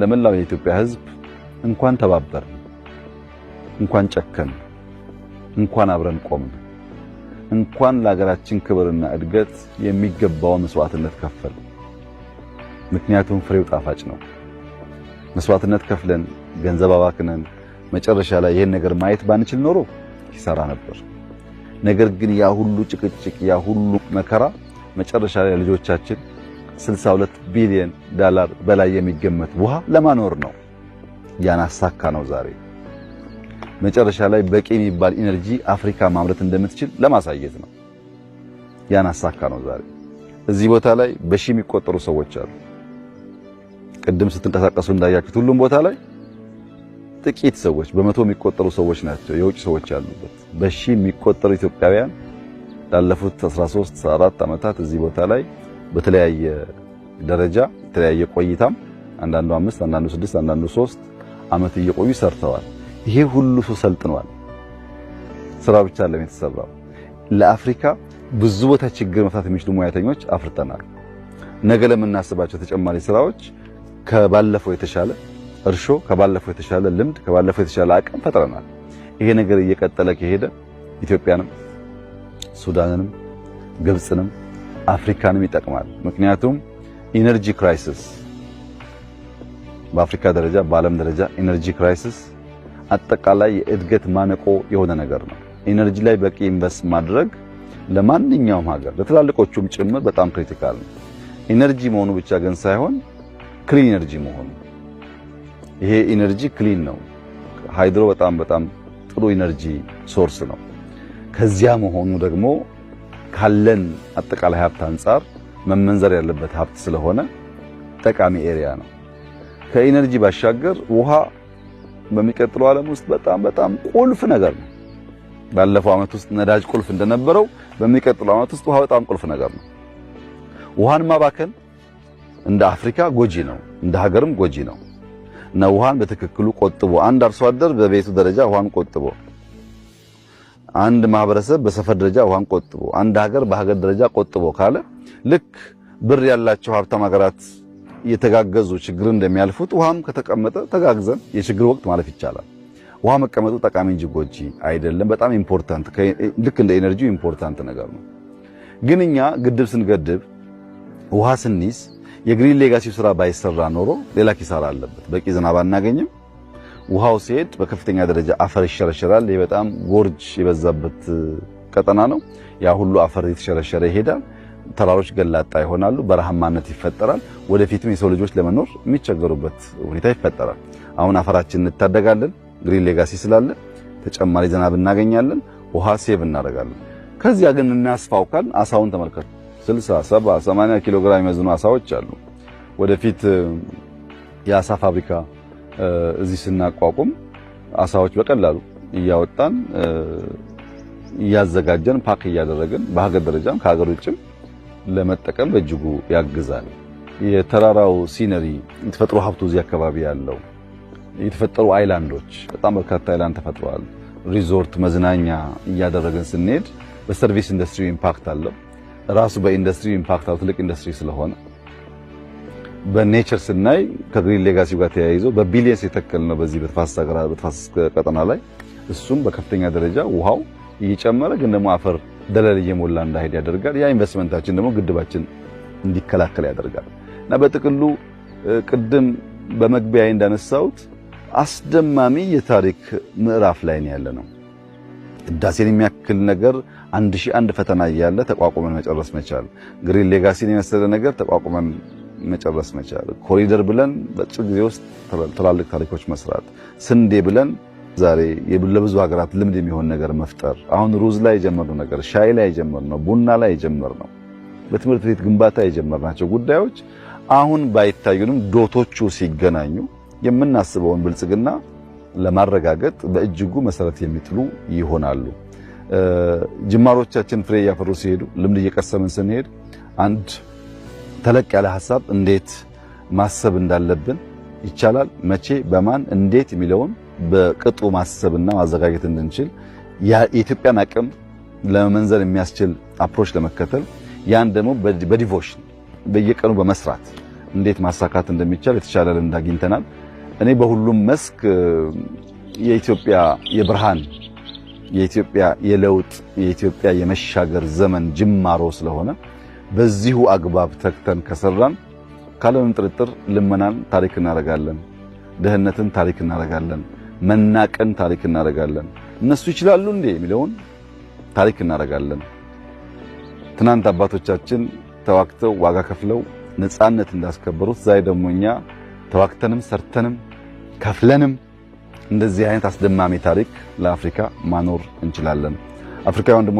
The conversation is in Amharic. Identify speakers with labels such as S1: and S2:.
S1: ለመላው የኢትዮጵያ ሕዝብ እንኳን ተባበር፣ እንኳን ጨከን፣ እንኳን አብረን ቆምን፣ እንኳን ለሀገራችን ክብርና እድገት የሚገባውን መስዋዕትነት ከፈል። ምክንያቱም ፍሬው ጣፋጭ ነው። መስዋዕትነት ከፍለን ገንዘብ አባክነን መጨረሻ ላይ ይህን ነገር ማየት ባንችል ኖሮ ይሰራ ነበር። ነገር ግን ያ ሁሉ ጭቅጭቅ፣ ያ ሁሉ መከራ መጨረሻ ላይ ልጆቻችን 62 ቢሊዮን ዳላር በላይ የሚገመት ውሃ ለማኖር ነው። ያን አሳካ ነው ዛሬ መጨረሻ ላይ በቂ የሚባል ኢነርጂ አፍሪካ ማምረት እንደምትችል ለማሳየት ነው። ያን አሳካ ነው ዛሬ። እዚህ ቦታ ላይ በሺ የሚቆጠሩ ሰዎች አሉ። ቅድም ስትንቀሳቀሱ እንዳያችሁት ሁሉም ቦታ ላይ ጥቂት ሰዎች፣ በመቶ የሚቆጠሩ ሰዎች ናቸው የውጭ ሰዎች ያሉበት። በሺ የሚቆጠሩ ኢትዮጵያውያን ላለፉት 13 14 ዓመታት እዚህ ቦታ ላይ በተለያየ ደረጃ የተለያየ ቆይታም አንዳንዱ አምስት አንዳንዱ ስድስት አንዳንዱ ሶስት አመት እየቆዩ ሰርተዋል። ይሄ ሁሉ ሰው ሰልጥኗል። ስራ ብቻ ለም የተሰራው ለአፍሪካ ብዙ ቦታ ችግር መፍታት የሚችሉ ሙያተኞች አፍርተናል። ነገ ለምናስባቸው ተጨማሪ ስራዎች ከባለፈው የተሻለ እርሾ፣ ከባለፈው የተሻለ ልምድ፣ ከባለፈው የተሻለ አቅም ፈጥረናል። ይሄ ነገር እየቀጠለ ከሄደ ኢትዮጵያንም፣ ሱዳንንም፣ ግብፅንም አፍሪካንም ይጠቅማል። ምክንያቱም ኢነርጂ ክራይሲስ በአፍሪካ ደረጃ በዓለም ደረጃ ኢነርጂ ክራይሲስ አጠቃላይ የእድገት ማነቆ የሆነ ነገር ነው። ኢነርጂ ላይ በቂ ኢንቨስት ማድረግ ለማንኛውም ሀገር ለትላልቆቹም ጭምር በጣም ክሪቲካል ነው። ኢነርጂ መሆኑ ብቻ ግን ሳይሆን ክሊን ኢነርጂ መሆኑ። ይሄ ኢነርጂ ክሊን ነው። ሃይድሮ በጣም በጣም ጥሩ ኢነርጂ ሶርስ ነው። ከዚያ መሆኑ ደግሞ ካለን አጠቃላይ ሀብት አንጻር መመንዘር ያለበት ሀብት ስለሆነ ጠቃሚ ኤሪያ ነው። ከኢነርጂ ባሻገር ውሃ በሚቀጥለው ዓለም ውስጥ በጣም በጣም ቁልፍ ነገር ነው። ባለፈው ዓመት ውስጥ ነዳጅ ቁልፍ እንደነበረው በሚቀጥለው ዓመት ውስጥ ውሃ በጣም ቁልፍ ነገር ነው። ውሃን ማባከን እንደ አፍሪካ ጎጂ ነው፣ እንደ ሀገርም ጎጂ ነው እና ውሃን በትክክሉ ቆጥቦ አንድ አርሶ አደር በቤቱ ደረጃ ውሃን ቆጥቦ አንድ ማህበረሰብ በሰፈር ደረጃ ውሃን ቆጥቦ አንድ ሀገር በሀገር ደረጃ ቆጥቦ ካለ ልክ ብር ያላቸው ሀብታም ሀገራት የተጋገዙ ችግር እንደሚያልፉት ውሃም ከተቀመጠ ተጋግዘን የችግር ወቅት ማለፍ ይቻላል። ውሃ መቀመጡ ጠቃሚ እንጂ ጎጂ አይደለም። በጣም ኢምፖርታንት፣ ልክ እንደ ኤነርጂ ኢምፖርታንት ነገር ነው። ግን እኛ ግድብ ስንገድብ ውሃ ስንይዝ የግሪን ሌጋሲ ስራ ባይሰራ ኖሮ ሌላ ኪሳራ አለበት። በቂ ዝናብ አናገኝም። ውሃው ሲሄድ በከፍተኛ ደረጃ አፈር ይሸረሸራል። ይህ በጣም ጎርጅ የበዛበት ቀጠና ነው። ያ ሁሉ አፈር የተሸረሸረ ይሄዳል። ተራሮች ገላጣ ይሆናሉ፣ በረሃማነት ይፈጠራል። ወደፊትም የሰው ልጆች ለመኖር የሚቸገሩበት ሁኔታ ይፈጠራል። አሁን አፈራችን እንታደጋለን፣ ግሪን ሌጋሲ ስላለን ተጨማሪ ዝናብ እናገኛለን፣ ውሃ ሴቭ እናደርጋለን። ከዚያ ግን እናስፋውካል። አሳውን ተመልከቱ። 60፣ 70፣ 80 ኪሎ ግራም የሚመዝኑ አሳዎች አሉ። ወደፊት የአሳ ፋብሪካ እዚህ ስናቋቁም አሳዎች በቀላሉ እያወጣን እያዘጋጀን ፓክ እያደረግን በሀገር ደረጃም ከሀገር ውጭም ለመጠቀም በእጅጉ ያግዛል። የተራራው ሲነሪ የተፈጥሮ ሀብቱ እዚህ አካባቢ ያለው የተፈጠሩ አይላንዶች በጣም በርካታ አይላንድ ተፈጥረዋል። ሪዞርት መዝናኛ እያደረገን ስንሄድ በሰርቪስ ኢንዱስትሪ ኢምፓክት አለው። ራሱ በኢንዱስትሪ ኢምፓክት አለው፣ ትልቅ ኢንዱስትሪ ስለሆነ በኔቸር ስናይ ከግሪን ሌጋሲ ጋር ተያይዞ በቢሊየንስ የተከል ነው። በዚህ በተፋሰስ ቀጠና ላይ እሱም በከፍተኛ ደረጃ ውሃው እየጨመረ ግን ደግሞ አፈር ደለል እየሞላ እንዳሄድ ያደርጋል። ያ ኢንቨስትመንታችን ደግሞ ግድባችን እንዲከላከል ያደርጋል እና በጥቅሉ ቅድም በመግቢያ እንዳነሳሁት አስደማሚ የታሪክ ምዕራፍ ላይ ነው ያለ ነው። ህዳሴን የሚያክል ነገር አንድ ሺህ አንድ ፈተና እያለ ተቋቁመን መጨረስ መቻል፣ ግሪን ሌጋሲን የመሰለ ነገር ተቋቁመን መጨረስ መቻል፣ ኮሪደር ብለን በአጭር ጊዜ ውስጥ ትላልቅ ታሪኮች መስራት፣ ስንዴ ብለን ዛሬ ለብዙ ሀገራት ልምድ የሚሆን ነገር መፍጠር። አሁን ሩዝ ላይ የጀመርነው ነገር፣ ሻይ ላይ የጀመርነው፣ ቡና ላይ የጀመርነው፣ በትምህርት ቤት ግንባታ የጀመርናቸው ጉዳዮች አሁን ባይታዩንም ዶቶቹ ሲገናኙ የምናስበውን ብልጽግና ለማረጋገጥ በእጅጉ መሰረት የሚጥሉ ይሆናሉ። ጅማሮቻችን ፍሬ እያፈሩ ሲሄዱ፣ ልምድ እየቀሰምን ስንሄድ አንድ ተለቅ ያለ ሀሳብ እንዴት ማሰብ እንዳለብን ይቻላል፣ መቼ፣ በማን፣ እንዴት የሚለውን በቅጡ ማሰብና ማዘጋጀት እንድንችል የኢትዮጵያን አቅም ለመመንዘር የሚያስችል አፕሮች ለመከተል ያን ደግሞ በዲቮሽን በየቀኑ በመስራት እንዴት ማሳካት እንደሚቻል የተሻለ ልምድ አግኝተናል። እኔ በሁሉም መስክ የኢትዮጵያ የብርሃን የኢትዮጵያ የለውጥ የኢትዮጵያ የመሻገር ዘመን ጅማሮ ስለሆነ በዚሁ አግባብ ተክተን ከሰራን ካለምንም ጥርጥር ልመናን ታሪክ እናደርጋለን፣ ድህነትን ታሪክ እናደርጋለን። መናቀን ታሪክ እናደርጋለን። እነሱ ይችላሉ እንዴ የሚለውን ታሪክ እናደርጋለን። ትናንት አባቶቻችን ተዋክተው ዋጋ ከፍለው ነፃነት እንዳስከበሩት ዛሬ ደግሞ እኛ ሰርተንም ከፍለንም እንደዚህ አይነት አስደማሚ ታሪክ ለአፍሪካ ማኖር እንችላለን። አፍሪካውያን